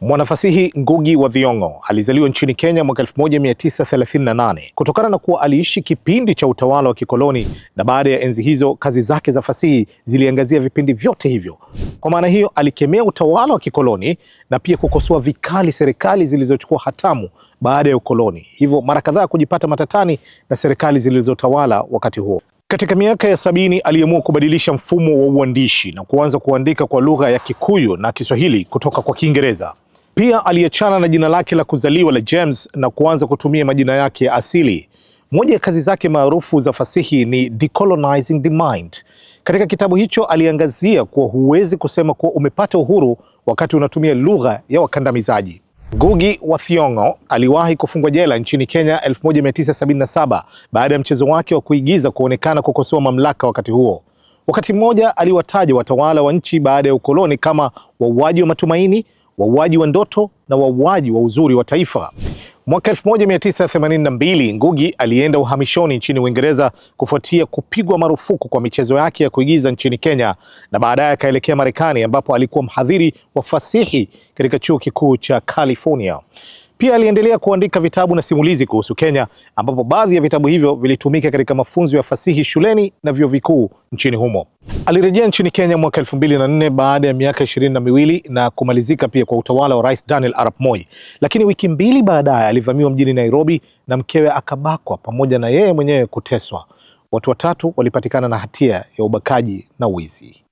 Mwanafasihi Ngugi wa Thiong'o alizaliwa nchini Kenya mwaka 1938. Kutokana na kuwa aliishi kipindi cha utawala wa kikoloni na baada ya enzi hizo, kazi zake za fasihi ziliangazia vipindi vyote hivyo. Kwa maana hiyo, alikemea utawala wa kikoloni na pia kukosoa vikali serikali zilizochukua hatamu baada ya ukoloni, hivyo mara kadhaa kujipata matatani na serikali zilizotawala wakati huo. Katika miaka ya sabini aliamua kubadilisha mfumo wa uandishi na kuanza kuandika kwa lugha ya Kikuyu na Kiswahili kutoka kwa Kiingereza. Pia aliachana na jina lake la kuzaliwa la James na kuanza kutumia majina yake ya asili. Moja ya kazi zake maarufu za fasihi ni Decolonizing the Mind. Katika kitabu hicho aliangazia kuwa huwezi kusema kuwa umepata uhuru wakati unatumia lugha ya wakandamizaji. Ngugi wa Thiong'o aliwahi kufungwa jela nchini Kenya 1977 baada ya mchezo wake wa kuigiza kuonekana kukosoa mamlaka wakati huo. Wakati mmoja aliwataja watawala wa nchi baada ya ukoloni kama wauaji wa matumaini wauaji wa ndoto na wauaji wa uzuri wa taifa. Mwaka 1982 Ngugi alienda uhamishoni nchini Uingereza kufuatia kupigwa marufuku kwa michezo yake ya kuigiza nchini Kenya, na baadaye akaelekea Marekani ambapo alikuwa mhadhiri wa fasihi katika chuo kikuu cha California. Pia aliendelea kuandika vitabu na simulizi kuhusu Kenya, ambapo baadhi ya vitabu hivyo vilitumika katika mafunzo ya fasihi shuleni na vyuo vikuu nchini humo. Alirejea nchini Kenya mwaka 2004 baada ya miaka ishirini na miwili na kumalizika pia kwa utawala wa Rais Daniel Arap Moi, lakini wiki mbili baadaye alivamiwa mjini Nairobi na mkewe akabakwa pamoja na yeye mwenyewe kuteswa. Watu watatu walipatikana na hatia ya ubakaji na wizi.